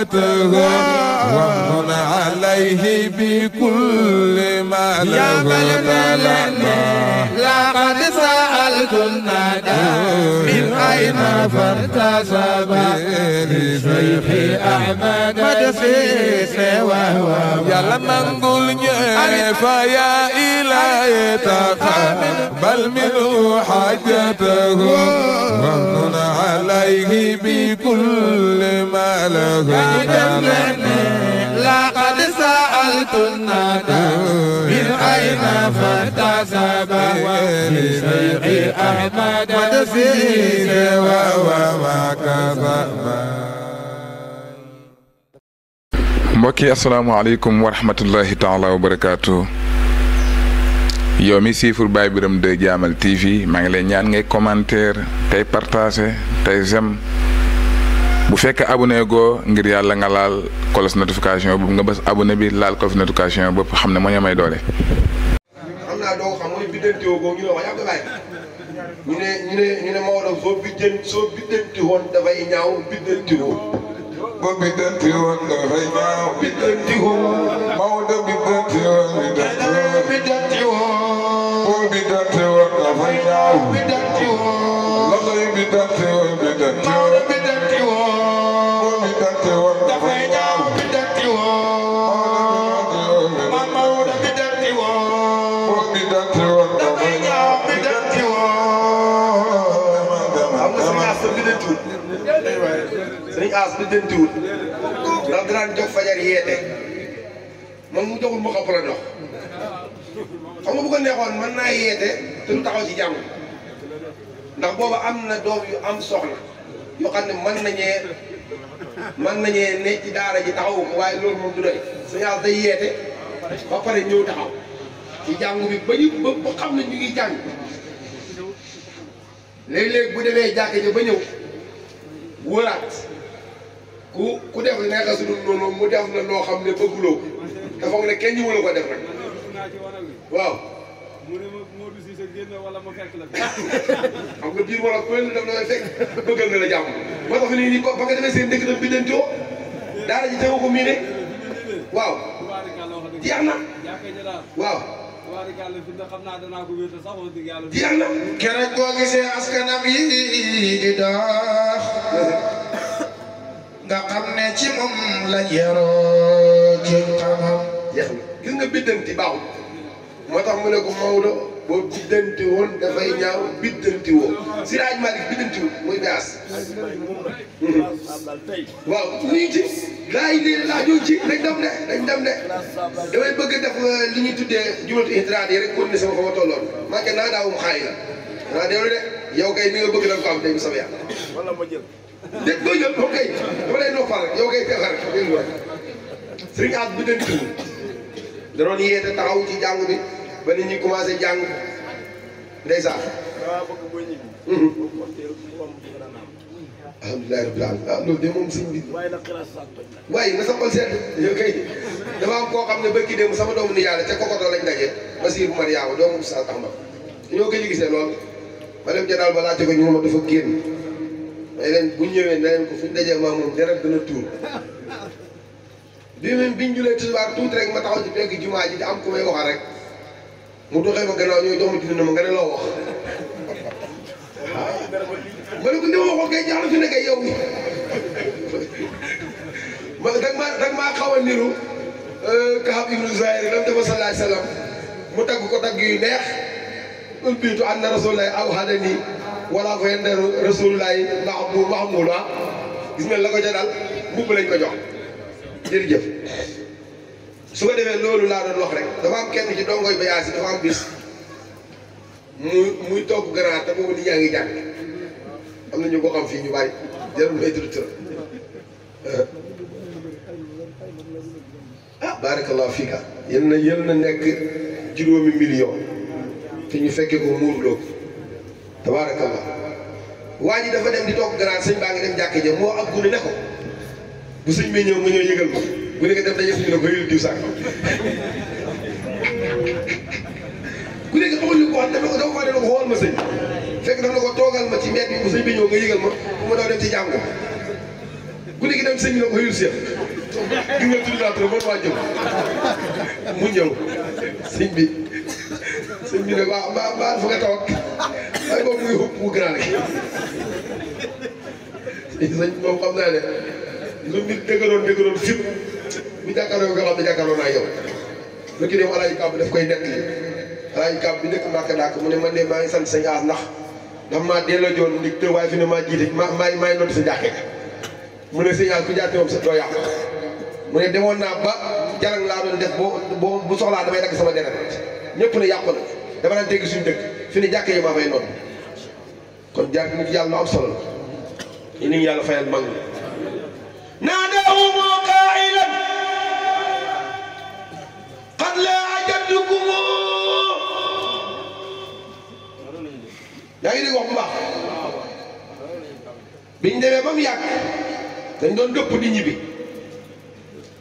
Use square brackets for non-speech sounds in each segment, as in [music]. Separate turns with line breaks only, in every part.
ذاتها ومن عليه بكل ما له لا قد سأل الندى من أين فارتسب لشيخ أحمد مدسيس وهو يا لمن قل فيا إلهي تقبل منه حاجته ومن عليه بكل ما له لا سألت الندى من أين فاحتسب وفي شيخ أحمد فيه وكفى mbokk yi asalaamaaleykum wa rahmatullahi taala wa barakaatu yow mi siifur Baye Birame 2 Jaamal TV maa ngi lay ñaan ngay commentaire tey partagé tey j'aime bu fekk abonné go ngir yalla nga laal kolos notification bu nga bass abonné bi laal kolos notification bop xamné mo ñamay ñu xamna do xam moy bidenté go mooy biddantewoo boobu ñu ne wax yàgg bàyyi
ñu né ñu né mo ñu so Maodo so bidenté won da fay ñaaw bidenté wo bo
bidenté won da fay
ñaaw bidenté bidenté wo mo biddantiwoo. bidenté wo bo bidenté boo da fay ñaaw bidenté wo lo yi bidenté Maodo bi dëkk woon bi dëkk woon dafay ñaaw bi dëkk woon man Maodo bi dëkk woon bi dëkk woon dafay ñaaw bi dëkk woon am na sëñ As bi dëntiwul sëñ As bi dëntiwul
ndax dinaan jóg fajar yeete moom mu joxul mu xapp la ndox xam nga bu ko neexoon mën naa yeete te du taxaw ci jàmm ndax booba am na doom yu am soxla yoo xam ne mën nañee mën nañee ne ci daara ji taxawu waaye loolu moom du doy suñu as day yeete ba pare ñëw taxaw ci jàngu bi ba ñu ba xam ne ñu ngi jàng léeg-léeg bu demee jàkka ja ba ñëw wëraat ku ku def nekka su dul mu def na loo xam ne bëgguloo te foog ne kenn ñu wëla ko def rek waaw mu ne ma Modou [laughs] xam nga biir wala ku leen def da ngay fekk bëggal na la jàmm moo tax fi nii seen dëkk bi dañ coo daara ji tegu ko mii de waaw. jeex na waaw.
na. keroog boo gisee askanam yi di dox nga xam ne ci moom lañ yaroo ci xam-xam. jeex na gis nga biddanti
baaxul. moo tax mu ne ko Maodo boo biddanti woon dafay ñaaw biddanti woo Siraaj Malik biddanti woo muy gaas waaw ñu ci gaa yi de laajoo ci dañ dem de dañ dem de damay bëgg def euh, li ñuy tuddee jumatu ihtiraat yi rek continuer sama fa ma tolloon manqué naa daawum xaay la waaw déglu de yow kay mi nga bëgg danga ko am tey bu sama yàq wala ma jël dégg nga jël moom kay dama lay noppal rek yow kay fexe rek yeete taxaw ci jàng yi ba nit ñi commencé jàng ndeysaan. Mhm. alhamdulilah rabbil alamin ah loolu de moom sëñ bi. waaye na sa xol sedd yow kay dafa am koo xam ne bëgg démb sama doomu ni yàlla te kokoto lañ daje Basiiru Mariama doomu Oustaz Ahmad ñoo koy gisee lool ma dem ca daal balaa laajte ñu ma dafa génn may leen bu ñëwee na ko fu ñu dajee maa moom deret dana tuur bi même biñ julee tusubaar tuuti rek ma tax ci pegg jumaa ji di am ku may rek. mu doxee ma gannaaw ñëw jox ma dina ma nga ne loo wax ma ne ko li ma waxoon kay ñaax na fi nekk yow ma dag maa dag maa xaw a niru euh, Kaab ibnu Zuhayr lam dafa salaay salaam mu tagg ko tagg yu neex ulbiitu anna rasulullahi awhadani wala ko yende rasulullahi maxmuula gis nga la ko ca daal mbubb lañ ko jox jërëjëf su ko defee loolu laa doon wax rek dafa am kenn ci dongoy bayaas yi dafa am bis muy muy togg ganaar te boobu nit ñaa ngi jàng am na ñu ko xam fii ñu bàyyi jarul may tudd turam eh. ah fiika yéen na nekk juróomi million te ñu fekkee ko muur loo tabaarakallah waa ji dafa dem di togg ganaar sëñ baa ngi dem jàkk ja moo ak gune ne ko bu sëñ bi ñëw nga ñëw yëgal ko mu ne nga def daje suñu ne bëri na diw sànq ku nekk ko wax ma sëñ fekk dafa ne toogal ma ci mbedd bi bu sëñ bi ñëw nga yëgal ma bu ma daw dem ci jàngu ku nekk dem sëñ bi ne ko xëyul seet di nga tudd laa trop bon waa jëm mu ñëw sëñ bi sëñ bi ne waaw mbaa mbaa toog ay boobu muy xub mu grand rek sëñ moom xam naa ne lu ñu jàkkaarloo nga xam ne jàkkaarloo naa yow lu ki dem alaaji kàbb daf koy nekk alaaji kàbb bi nekk màkk dàkk mu ne man de maa ngi sant sañ aas ndax ndax maa delloo joon ndig te waaye ma maay maay notti sa jàkkee mu ne sañ aas ku jàkkee moom yàq mu ne demoon naa ba jarang laa doon def boo boo bu soxlaa damay dagg sama deret ñëpp ne yàqu na dama daan dégg suñu fi ne jàkkee yi maa fay noonu kon jaar mu yàlla am solo la yéen yàlla fayal mag naa yaa ngi dégg bu baax biñ demee ba mu yàgg dañ doon dëpp di ñibbi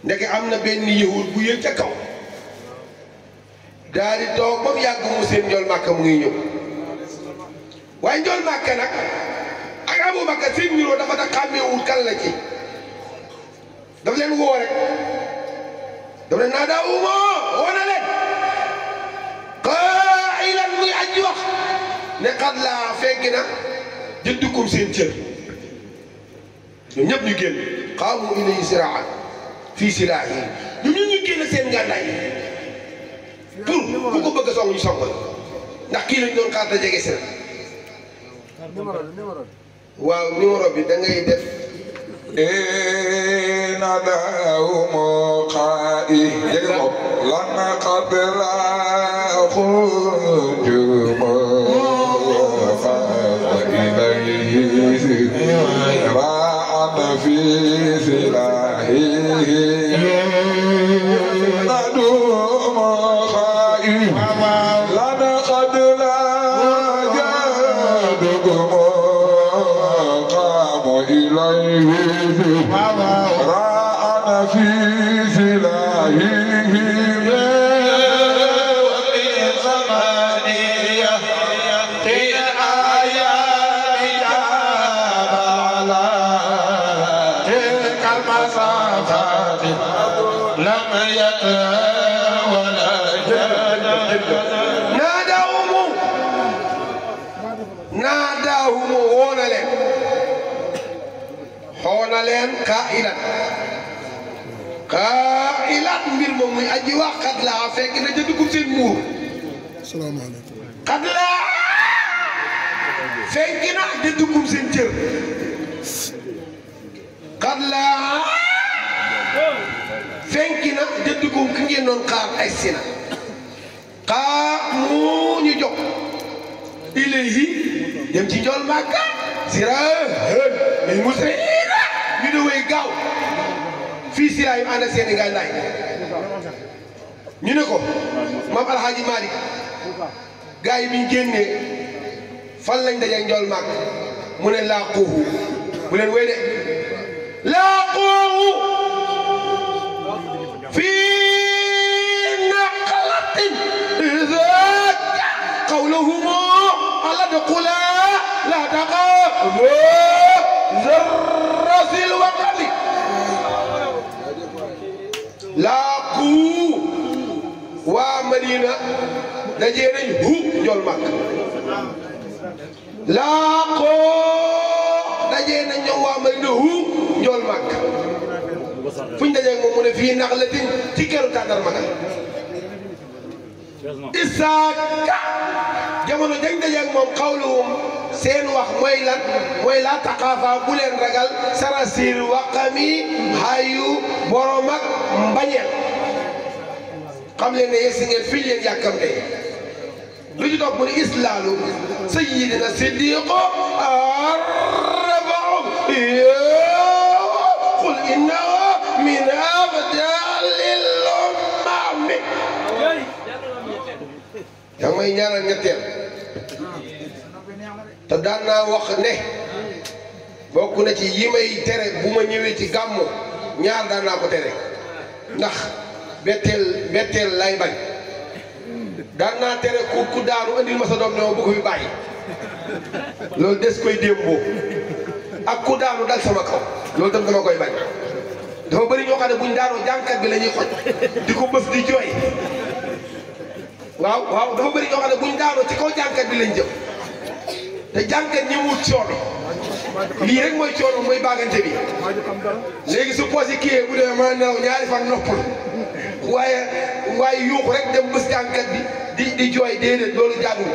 ndeke am na benn yahud bu ca kaw daal di toog ba mu yàgg mu seen njool màkka mu ngi ñëw waaye njool màkka nag ak abu bakka seen niroo dafa tax xàmmeewul kan ci dafa leen woo rek dafa leen naa daa umoo woo na leen qaa ilan muy aji wax ne xat laa fekk na jëndukum seen cër ñoom ñëpp ñu génn xaamu ilayhi siraa fii silaahi ñoom ñëpp ñu génn seen ngànnaay pour ku ko bëgg a song ñu song ndax kii lañ doon xaar te jege seen
waaw numéro bi da ngay def إن لهم قائد لنقد لا خجمه في
na leen kaa ilan kaa ilan mbir moom muy aji wax xat laa fekk na ca seen muur
salaamaaleykum
xat laa fekk na ca seen cër xat laa fekk na ca ki ngeen doon xaar ay sina xaa mu ñu jóg ilayhi dem ci njool màkka sira hël min musriin ñu ne wéy gaaw fii si laay ànd ak seeni ngaay laay ñu ne ko maam alxaaji Malick gars yi biñ génnee fan lañ daje njool mu ne laa xuuxu bu leen wéy de laa xuuxu fii naqalatin zaat qawluhumu ala duqula laa taqa zar أساس الوطن لا قو ومدينة دجيرن هو جول مكة لا قو دجيرن جو ومدينة هو جول مكة فين دجيرن مو فيه نغلتين تكرر تادر مكة isaaka jamono jañ dajeeg moom xawluhum seen wax mooy lan mooy laa taqaafa bu leen ragal sarasir waqami hayu borom ak mbañeel xam leen ne yegsi ngeen fii leen yàkkamte lu ci topp mu ne islaalu sayyidina siddiqo arbaum yaa ngi may ñaanal ñetteel te daan naa wax ne bokk na ci yi may tere bu ma ñëwee ci gàmmu ñaan daan naa ko tere ndax betteel betteel lay bañ daan naa tere ku ku daanu andil ma sa doom ne ma bëgg bàyyi loolu des koy démboo ak ku daanu dal sama kaw loolu tam dama koy bañ dafa bari ñoo xam ne buñ daanoo jànkat bi la xoj di ko bës di jooy waaw waaw dafa bëri ñoo xam ne buñ daanoo ci kaw jànkat bi lañ jëm te jànkat ñi wut coono lii rek mooy coono mooy bàggante bi léegi su poos yi kii bu demee mën a ñaari fan noppal waaye waaye yuuxu rek dem bés jànkat bi di di jooy déedéet loolu jàngul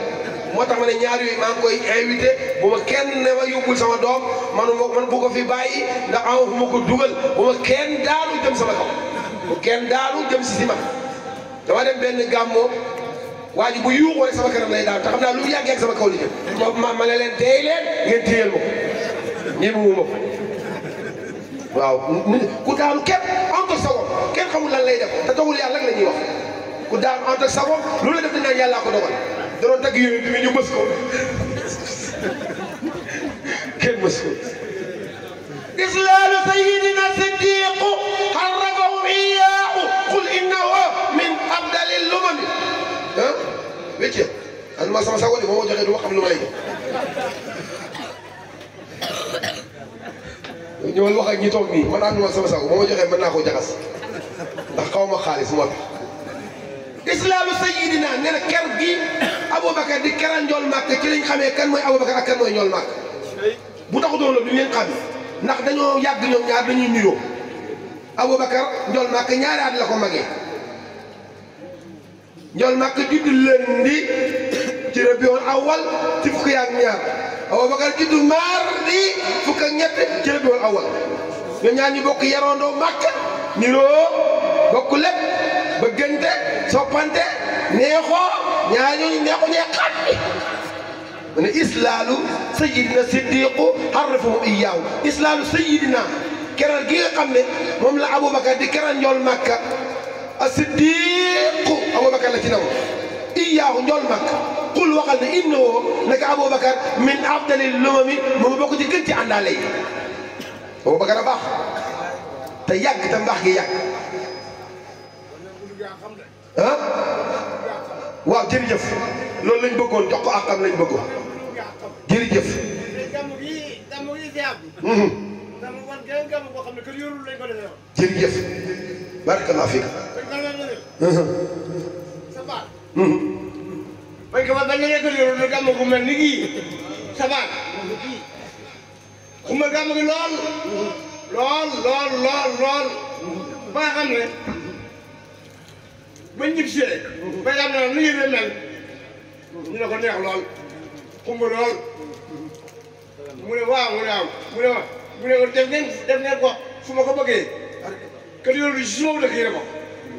moo tax ma ne ñaari yooyu maa ngi koy invité bu ma kenn ne ma yóbbul sama doom man man bu ko fi bàyyi ndax aw fu ko dugal bu ma kenn daanu jëm sama kaw bu kenn daalu jëm si si ma dama benn gàmmoo waa ji bu yuuxu rek sama kanam lay daal te xam lu mu yàggee ak sama kaw li jëm ma ma ne leen dee leen ngeen téyeel ma ko ñemewu ma ko waaw ku daanu képp entre sawam kenn xamul lan lay def te dogul yàlla rek wax ku daanu entre sawam lu la def dañ naan yàllaa ko dogal da doon tagg yonent bi ñu mës ko kenn mës ko إسلام سيدنا الصديق حركه إياه قل إنه من أبدل الأمم ah wéccee man ma sama sago de moo ma joxee du ma xam lu ma lay jox ñëwal wax ak ñi toog nii man ànd sama sago moo joxee mën naa koo jaxas ndax xaw ma xaalis moo tax islaamu sayyidina nee na ker gi Aboubacar di keral njool màkk ci lañ xamee kenn mooy Aboubacar ak kan mooy njool màkk bu taxutoon loolu duñ leen xam ndax dañoo yàgg ñoom ñaar dañuy nuyoo Aboubacar njool màkk ñaari at la ko magee ñoom nag judd lundi ci rabiul awal ci fukki ak ñaar Abubakar juddu mardi fukk ak ñett ci rabiul awal ñoom ñaar ñu bokk yaroondoo màkk niroo bokk lépp bëggante soppante neexoo ñaar ñooñu neexu ñee xat bi mu ne islaalu sayidina siddiqu xarrafahum iyaaw islaalu sayidina keral gi xam ne moom la Abubakar di keral njool màkka a siddiqu aboubacar la ci naw iyaahu njool mag qul waxal ne innahu naka aboubacar min afdali lumami mu ma bokk ci gën ci àndaale yi aboubacar a baax te yàgg te mbaax gi yàgg ah waaw jërëjëf loolu lañ bëggoon jox ko ak am lañ bëggoon mhm. jërëjëf jërëjëf
barakallahu fiik sabaat bañ ko ba benn lekk yoon na gàmm gu mel ni kii sabaat xuma gàmm lool lool lool lool lool ba nga xam ne bañ ñib see lool mu ne mu ne mu ne ma mu ne ko fu ko bëggee kër yoon bi si suma dëkk yi ne ko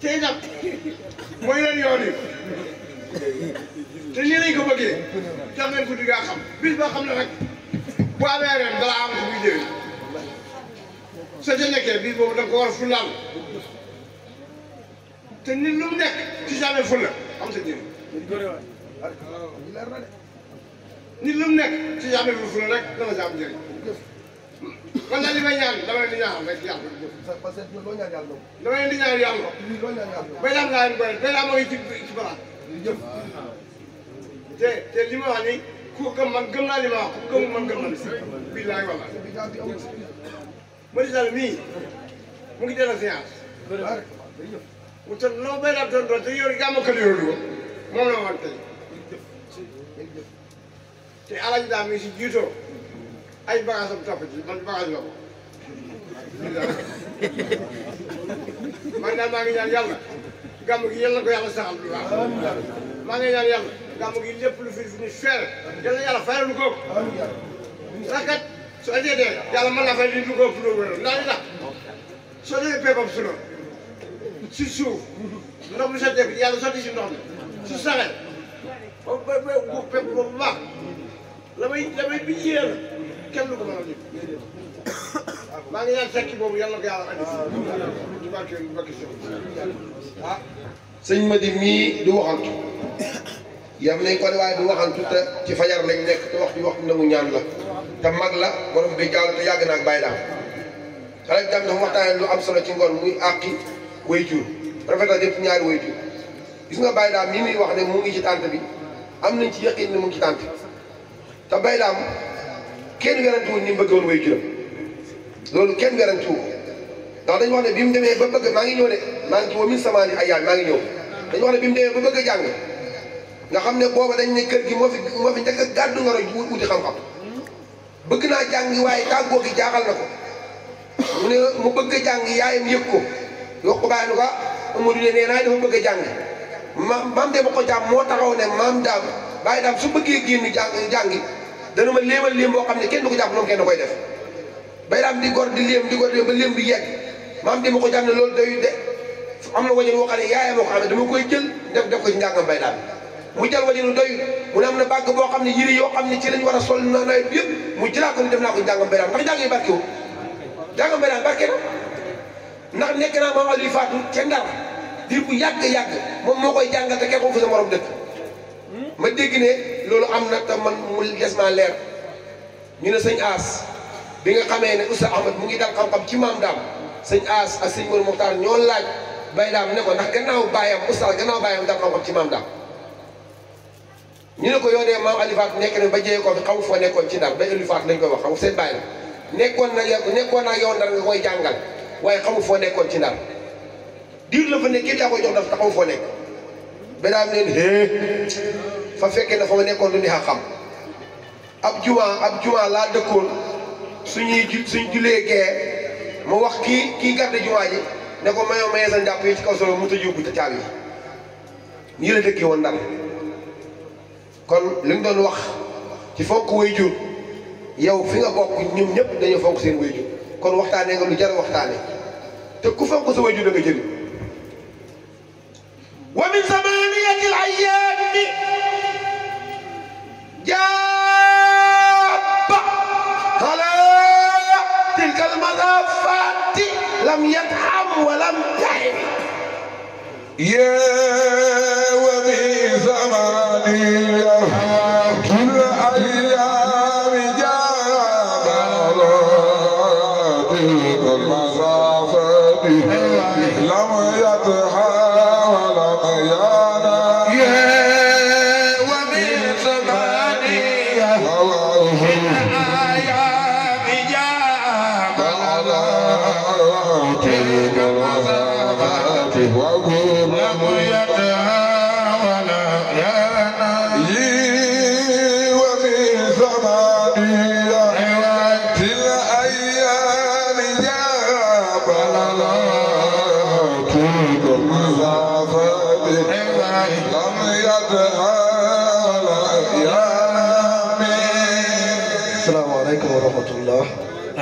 tey mooy leen yoon te nii lañ ko bëggee tax ngeen ko di xam bis boo xam ne nag bu amee ren balaa am ko muy déwén soo ca nekkee bis boobu da nga war a te nit lu mu nekk ci jamais fulla am sa njëriñ nit lu mu nekk ci jamais fulla rek dana sa am njëriñ man daal li may ñaan dama leen di ñaan rek yàlla parce que loo ñaan yàlla dama leen di ñaan yàlla loo ñaan yàlla bay daam laa leen boole bay daam mooy ci ci bara jëf te te li ma wax ni ku gëm man gëm naa li ma wax ku gëm man gëm na billaay wala Macky Sall mii mu ngi delloo séance mu te loo bay daam doon doon te yow yaa ma ko yoolu moom la ma wax tey te alaji daam mi si jiitoo ay bagage am topp man bagage la ko man daal maa ngi ñaan yàlla gàmm gi yal na ko yàlla saxal bu baax maa ngi ñaan yàlla gàmm gi lépp lu fi fi ñu feere yal na yàlla fayal lu ko rakat soo déedee yàlla mën naa fay li lu ko ëpp loolu wér ndax li tax soo dee peepam su doon si suuf ndox mi sa def yàlla sotti si ndox mi su ba ba ba la may la may bi kenn du ko maa ngi ñaan fekki boobu yàlla ko yàlla andi ci ah.
sëñ ma di mii du waxantu yam nañ ko ne waaye du waxantu te ci fajar lañ nekk te waxtu waxtu nangu ñaan la te mag la borom bi jaalu te yàgg naag bàyyi daam xale bi tam dafa waxtaane lu am solo ci ngoon muy àqi way jur rafetal jëm ci ñaari way jur gis nga bàyyi daam mii muy wax ne mu ngi ci tànt bi am nañ ci yëqin mu ngi ci tànt te bàyyi kenn werantuwul ni mu bëggoon way juróom loolu kenn werantuwul ndax dañu wax ne bi mu demee ba bëgg maa ngi ñëw de maa ngi ci wamin samaani ay yaay maa ngi dañu wax ne bi mu demee ba bëgg a jàng nga xam ne booba dañ ne kër gi moo fi moo fi njëkk gàddu nga roj wuti xam-xam bëgg naa jàng waaye tàggoo gi jaaxal na ko mu ne mu bëgg a jàng yaayam yëg ko yokku bàyyi ko ah, Amadou ne nee naa dafa bëgg a jàng ma maam de ba ko jàmm moo taxaw ne maam daam bàyyi daam su bëggee génn jàng jàngi dana ma léemal léem boo xam ne kenn du ko jàpp noonu kenn koy def bayram di gor di léem di gor di ba léem bi yegg maam di ma ko jàpp ne loolu de am na wañeen woo xam ne yaayam moo ko xam ne dama koy jël def def ko ci njàngam bayram mu jël wañeenu doyul mu ne am na bàgg boo xam ne yëre yoo xam ne ci lañ war a sol na nawet bi yëpp mu jëlaat ko ni def naa ko njàngam bayram ndax njàng yi barke wu njàngam bayram barke na ndax nekk naa maam Aliou Fatou ca Ndar diir bu yàgg yàgg moom moo koy jàngal te kenn ko fi sa morom dëkk ma dégg ne loolu am na te man mu des maa leer ñu ne sëñ As bi nga xamee ne Oustaz Ahmad mu ngi dal xam-xam ci maam daam sëñ As ak sëñ Mor Mokhtar ñoo laaj bay daam ne ko ndax gannaaw baayam Oustaz gannaaw baayam dal xam-xam ci maam daam ñu ne ko yoo dee maam nekk na ba jëyee ko foo nekkoon ci ndar ba alifaat lañ koy wax xamu seen bàyyi la nekkoon na yow nekkoon naa yow ndar nga koy jàngal waaye xamu foo nekkoon ci ndar diir la fa nekk kii daa koy jox daf taxaw foo nekk ba daam leen fa fekkee na fa ma nekkoon du ni xam ab juma ab juma laa dëkkoon suñuy ju suñu julee gee ma wax kii kii garde juma yi ne ko mayoo mayee sa njàpp ci kaw solo mu tëj yóbbu te caabi nii la dëkkee woon ndar kon li mu doon wax ci fonk way jur yow fi nga bokk ñun ñëpp dañu fonk seen way jur kon waxtaanee nga lu jar waxtaane te ku fonk sa way jur da nga jëriñ
Yeah.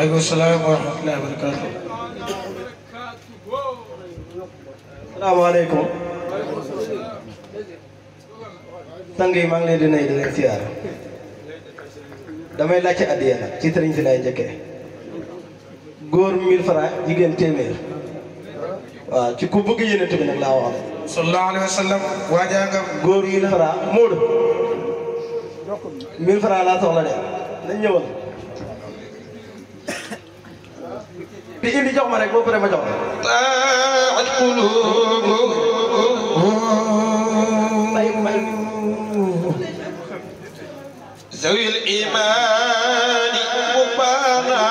aleykum salaam wa rahmatullahi wa barakatuh
salaamaaleykum sang yi maa ngi leen di nuyu di leen siyaar damay laajte addiya nag ci sëriñ si lay njëkkee góor 1000 francs jigéen téeméer waaw ci ku bëgg yénent bi nag laa wax sallallahu alayhi wa sallam waajaa nga góor 1000 francs Moodu 1000 francs laa soxla de nañ ñëwal
indi jox ma rek boo paree ma jox ذوي الإيمان مبانا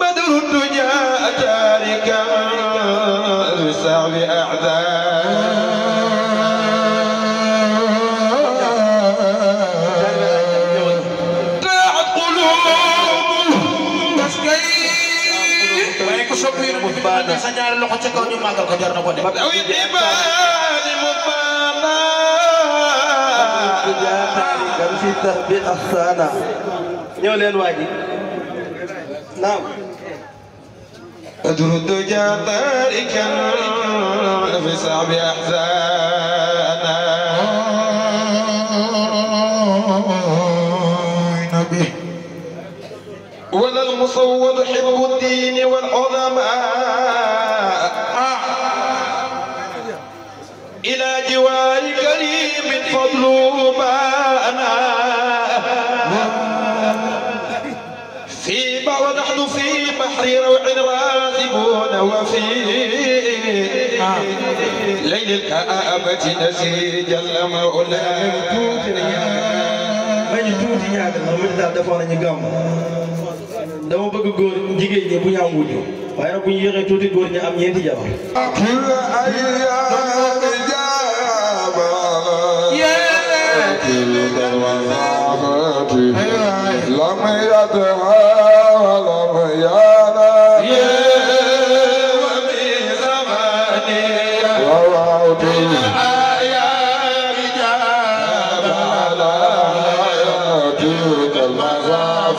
بدر الدنيا أتاركا سعي أعذاب
na sa ñaari loxo ci kaw ñu màggal ko jar na ko def aw ibaadi mu faana jaataari kam fi tahbi ahsana ñëw leen waaji
naam
أدرد جاتاركا في صعب أحزانا ولا المصور حب الدين والعظماء للكعبة نسي جل مولاي may ñu tuuti ñaar ndax mel daal defoon nañu gàmm
dama bëgg góor jigéen ñi bu ñu am wujju waaye nag bu ñu yéexee tuuti góor ñi am ñeenti jabar
لم يدعى ولم يدعى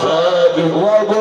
الخائف والظلم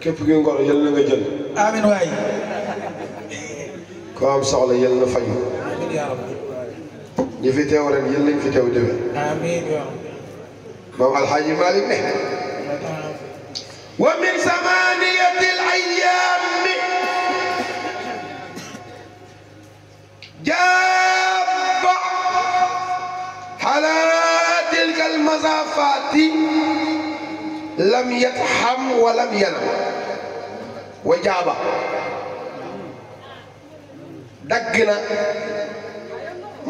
كيف يقول يلا نجل امن واي كم صلى يلا فاي امين يا رب نفتي ورا يلا نفتي امين يا رب الحاج مالك ومن ثمانية الأيام جاب على تلك المزافات لم يتحم ولم ينم wa dagg na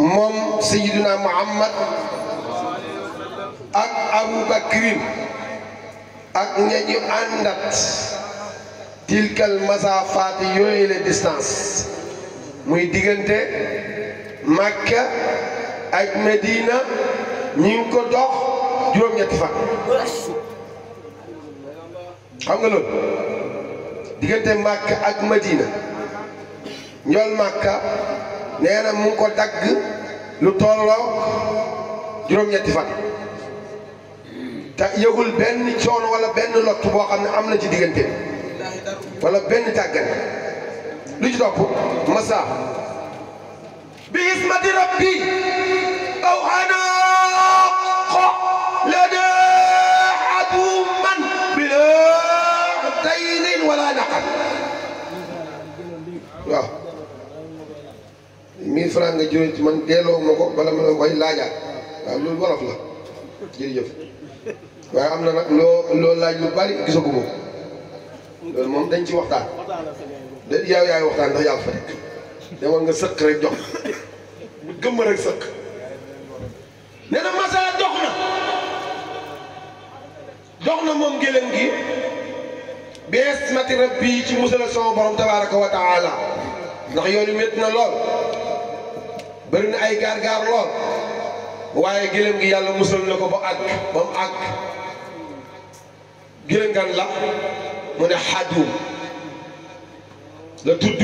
moom sayiduna muhammad ak abubakrin ak ñañu àndat tilkal masafaati yooyu la distance muy diggante makka ak medina ñi ngi ko dox juróom-ñetti fan xam nga loolu diggante Màkka ak Madina njool Màkka nee na mu ko dagg lu tolloo juróom-ñetti fan te yëgul benn coon wala benn lott boo xam ne am na ci diggante wala benn tàggat lu ci topp masa bi ismati rabbi
aw ana
wala naqar waaw mille francs nga jëloon ci man delloo ma ko bala ma la koy laajaat waaw loolu wolof la jërëjëf waaye am na nag loo loo laaj lu bari gisagu ma loolu moom dañ ci waxtaan da yow yaay waxtaan ndax yaa fa rek demoon nga sëq rek jox gëmm rek sëq nee na masa dox na dox na moom gélém gi bi ismati rabbi ci musal sama borom tabaraka wa taala ndax yoonu métti na lool bëri na ay gaar-gaar lool waaye gëlëm gi yàlla musal na ko ba àgg ba mu àgg gëlëm gan la mu ne xaddu la tudd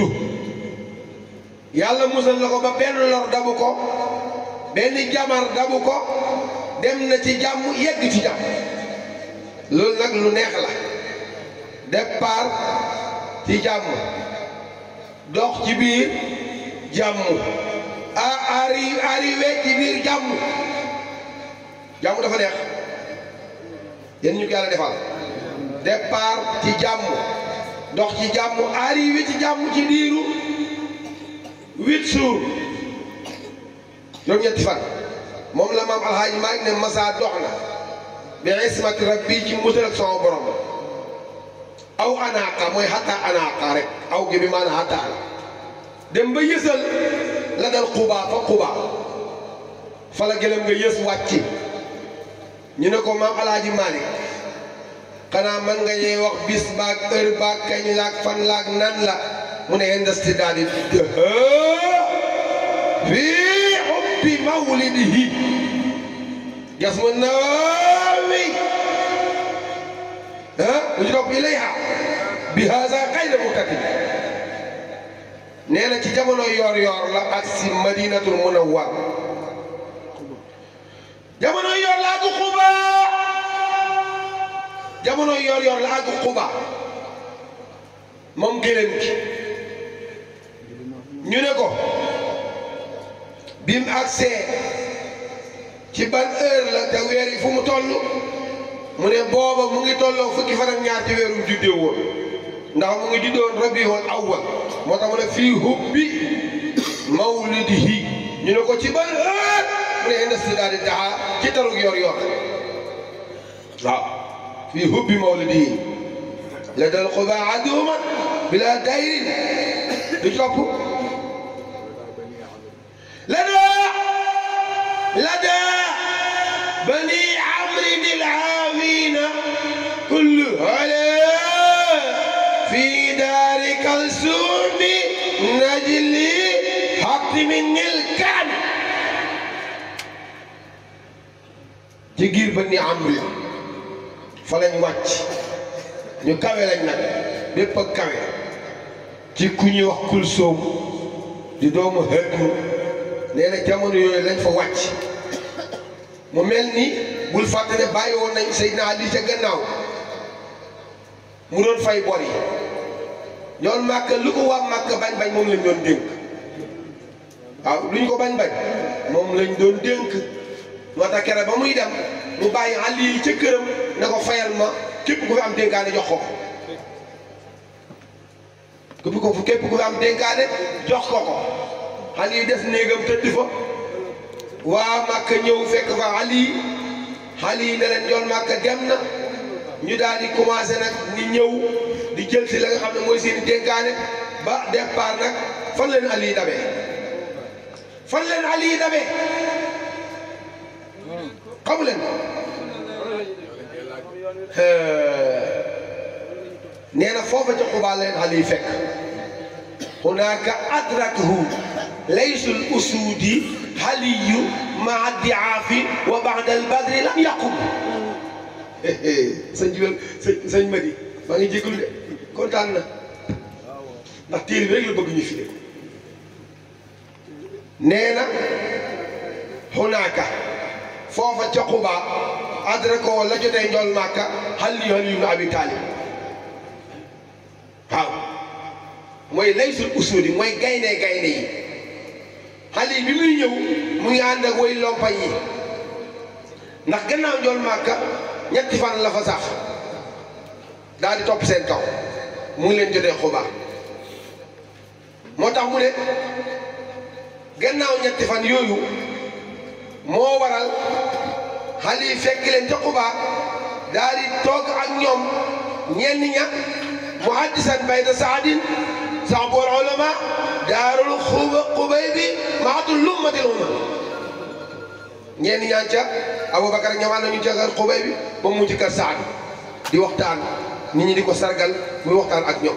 yàlla musal na ko ba benn lor dabu ko benn jamar dabu ko dem na ci jàmm yegg ci jàmm loolu nag lu neex la départ ci jàmm dox ci biir jàmm a ari arrivé ci biir jàmm jàmm dafa neex yéen ñu ko yàlla defal départ ci jàmm dox ci jàmm arrivé ci jàmm ci diiru huit jours juróom-ñetti moom la maam alxaaji Maalik ne masa dox na bi ismati rabbi ci musal ak sama borom aw anaaka mooy xataa anaaka rek aw gi bi maanaam xataa la dem ba yësal la dal xubaa fa xubaa fa la gëlëm nga yës wàcci ñu ne ko maam alaaji Malick xanaa man nga yee wax bis baag heure baag kañ laag fan laag nan la mu ne indesti daal di fii xubbi mawlidihi gas mën na ujrob ilayha bi haza xayra mutakin nee na ci jamono yoor yoor la ak si madinatul munawwar jamono
yoor la ak Quba
jamono yoor la ak Quba ñu ne ko bim agsee ci ban heure la fu mu toll mu ne booba mu ngi tolloo fukki fan ak ñaar ci weeru juddee woon ndax mu ngi juddoon rabiul awwal moo tax mu ne fii hubbi mawlidihi ñu ne ko ci ban heure mu ne inda sidaadi taxa ci la dal xubaa aduuma bila dayrin du topp la daa bani ci giir ba ni am fa lañ wàcc ñu kawe lañ nag bépp ak kawe ci ku ñuy wax kul soob di doomu xëpp nee na jamono yooyu lañ fa wàcc mu mel ni bul fàtte ne bàyyi woon nañ Seydina Ali ca gannaaw mu doon fay bor yi ñoon màkk lu ko waa màkk bañ-bañ moom lañ doon dénk waaw ko bañ lañ doon dénk moo tax ba muy dem mu bàyyi Ali yi ca këram na ko fayal ma képp ku am dénkaane jox ko ko képp ko fu fi am dénkaane jox ko ko Ali yi des néegam tëdd fa waa màkk ñëw fekk fa Ali xale yi ne leen yoon màkka dem na ñu daal di commencé nag ni ñëw di jël si la nga xam ne mooy seen i dénkaane ba départ nag fan leen ali dabee fan leen ali dabee na foofa ca xubaa leen ali fekk هناك أدركه ليس الأسودي هلي مع الدعاف وبعد البدر لم يقم sëñ bi sëñ Madi maa ngi jégalu de kontaan na ndax téere bi rek la bëgg ñu fi nee na xunaaka foofa ca Xubaa adrakoo la jotee njool Màkka xal yu xal yu na Abi Taalib waaw mooy laysul usuli mooy gaynde gaynde yi xale yi bi muy ñëw mu ngi ànd ak way lompañ yi ndax gannaaw njool màkka ñetti fan la fa sax daal di topp seen kaw mu ngi leen jotee xubaa moo tax mu ne gannaaw ñetti fan yooyu moo waral xale yi fekk leen ca xubaa daal di toog ak ñoom ñenn ña mu haddisan bayda saadin سابو العلماء دار الخوب قبيبي بعض اللمة الأمة نيني أنت أبو بكر نيوان نيجا غير قبيبي بموجك سعد دي وقتان نيني دي كسرقل مي وقتان أكنيو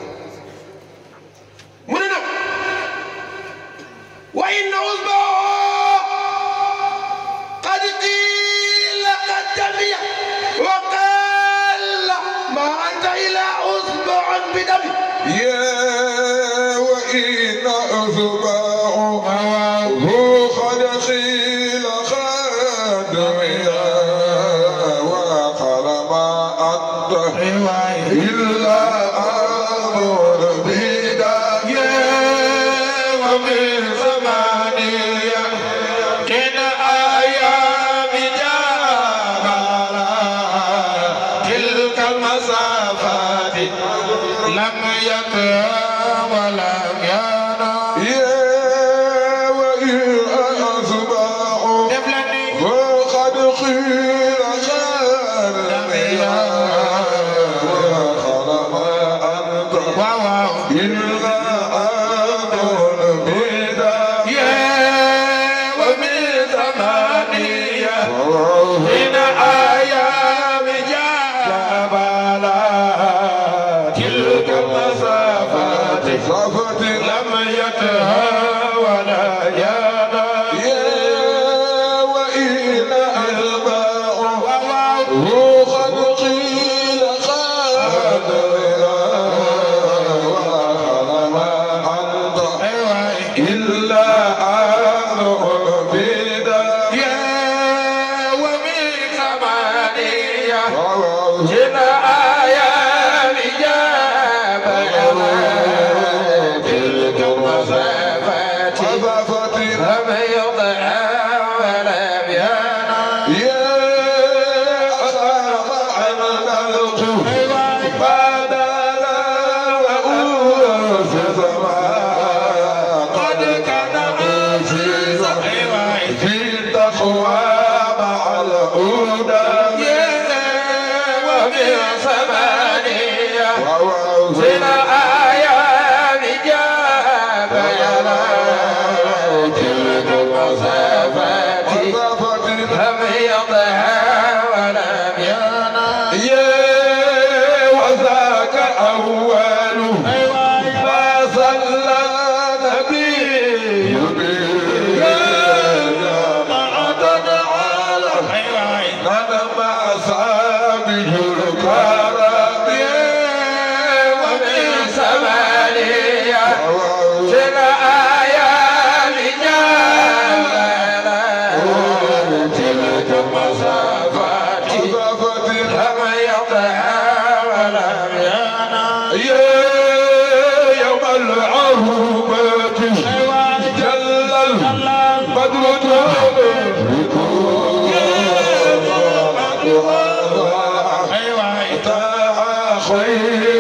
مننا وإن عزبا قد قيل قد جميع وقال ما أنت إلا أصبع بدم
yeah إله بعد yeah.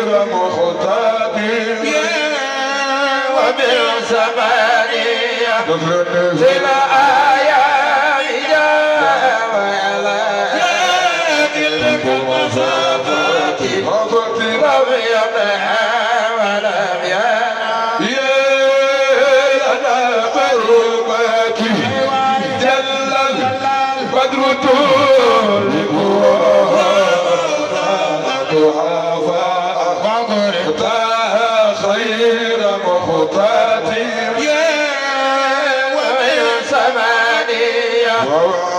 مختار وبالزمانية إلى آيات وعلى تلك المصافات لم ينهى ولم ينهى يا أنا قربتي جل البدر تهلك وضاعت Oh.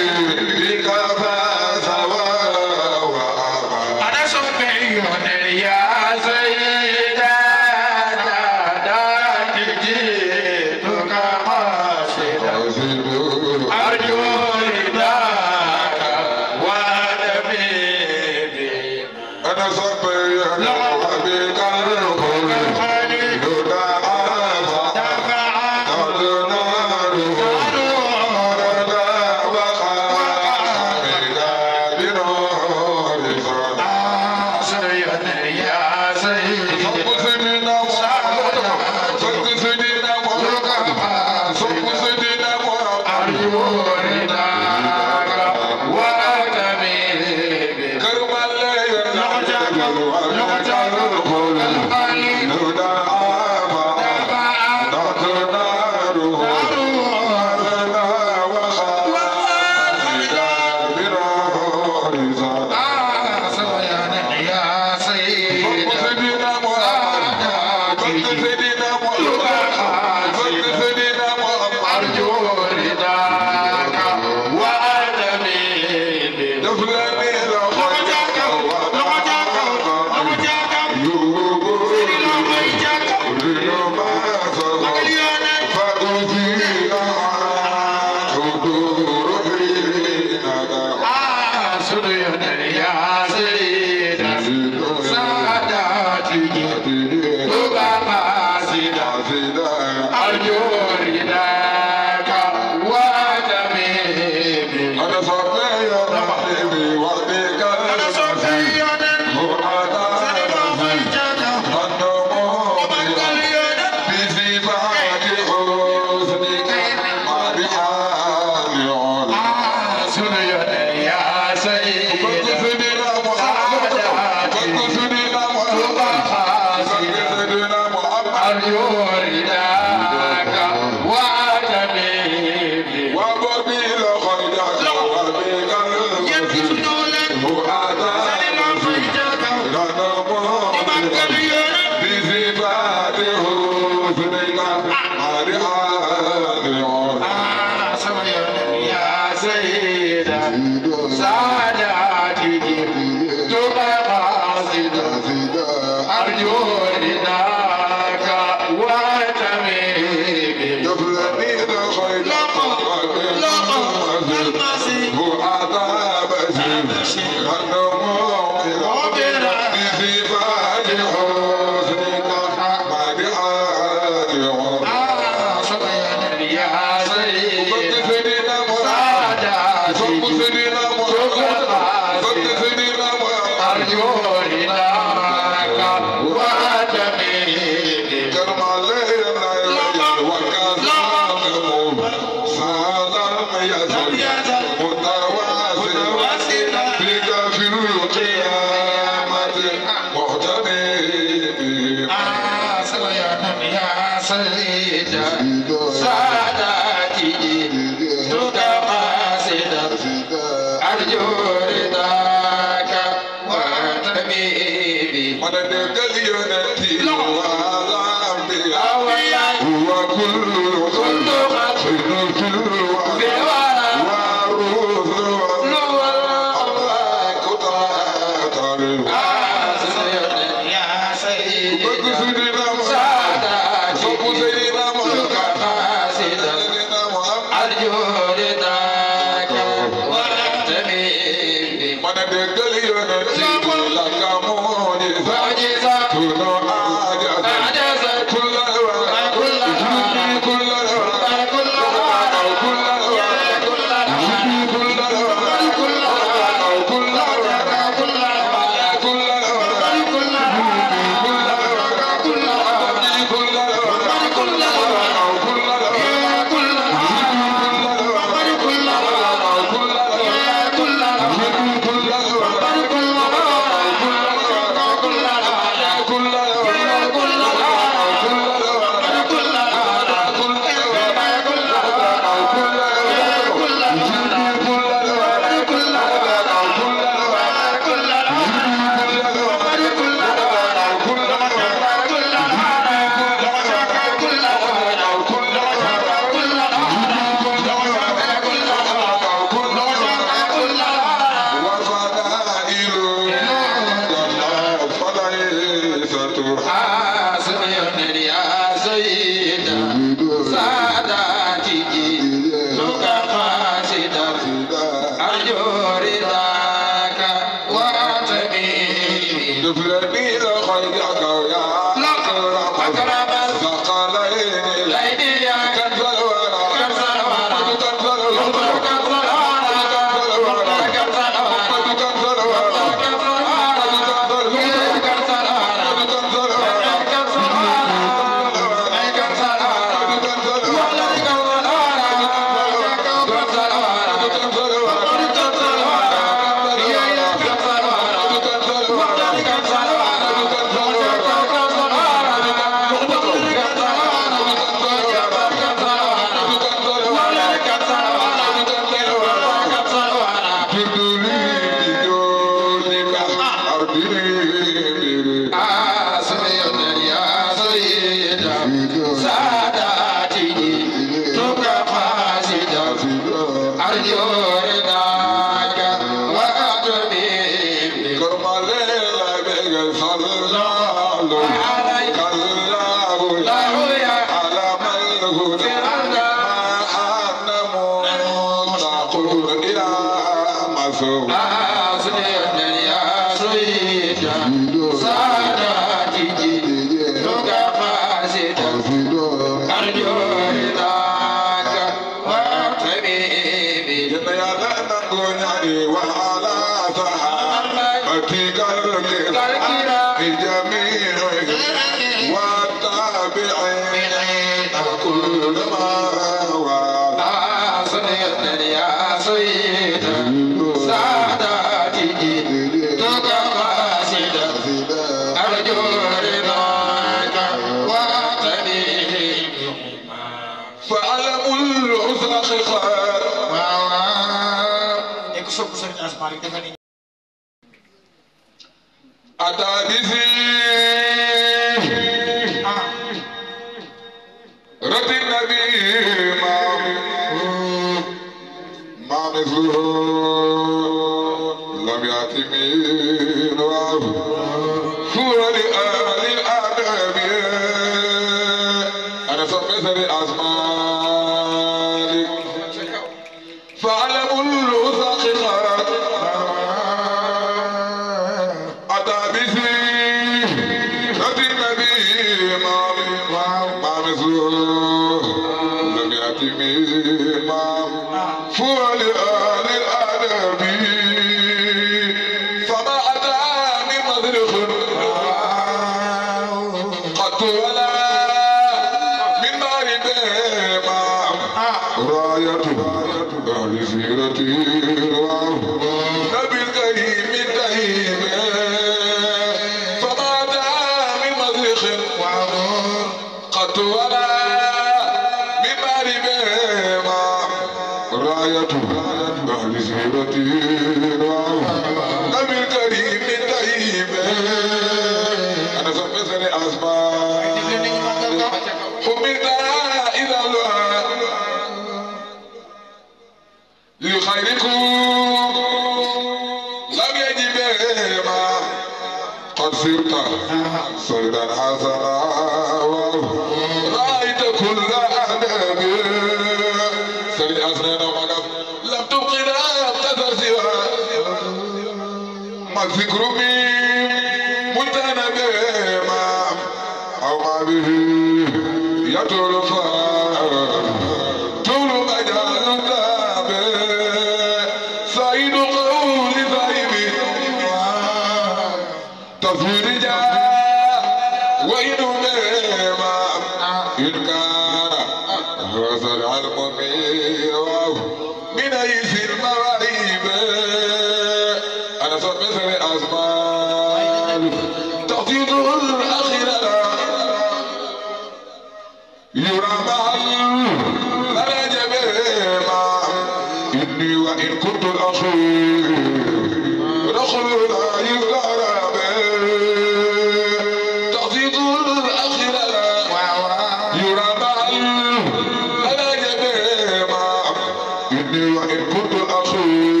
you like a good afternoon.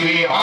we are.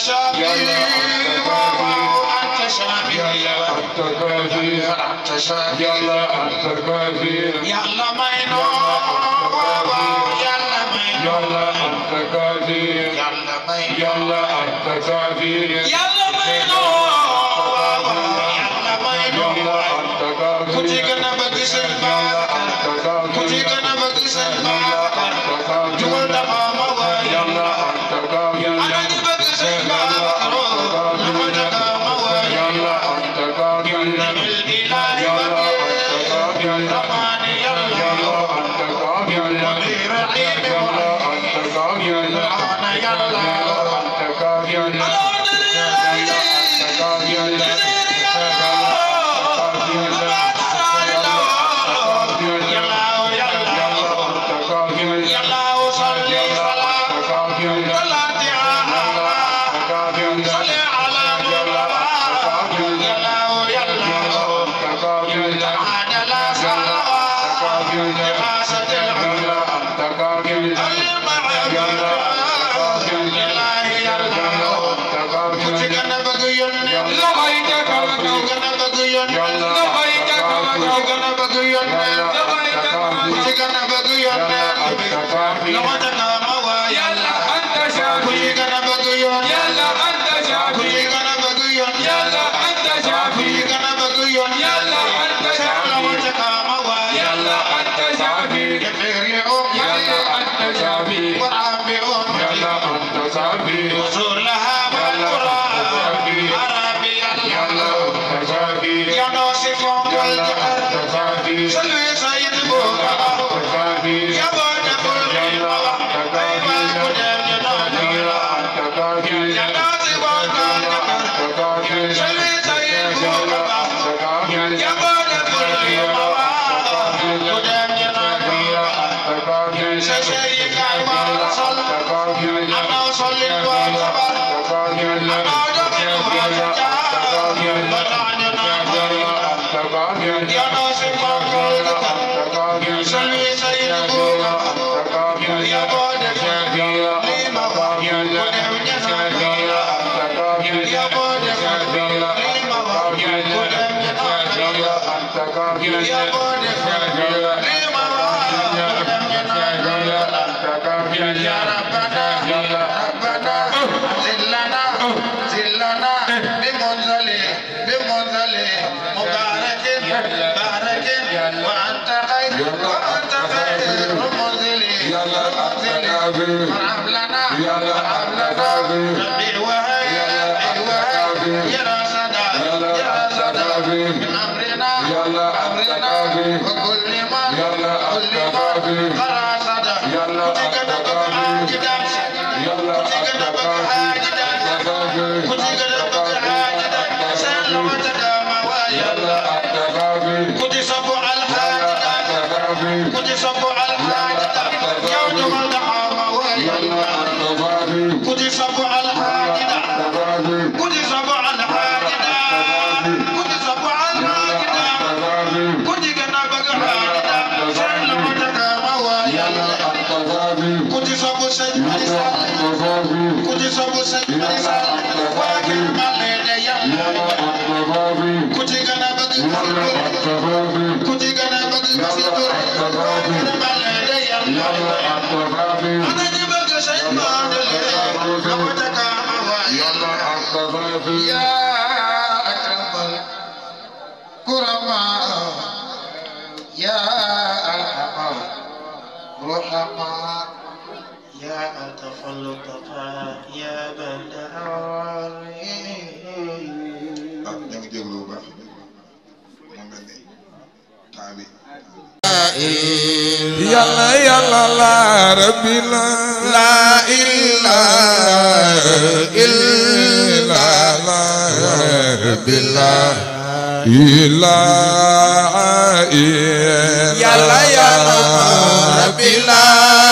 ku ci gën a bëgg seen baakar ku ci gën a bëgg seen baakar Hallelujah يلا أعطنا به يلا أعطنا به يلا أعطنا به لا ربي لا لا إله إلا بالله إلا إلا يا ربي لا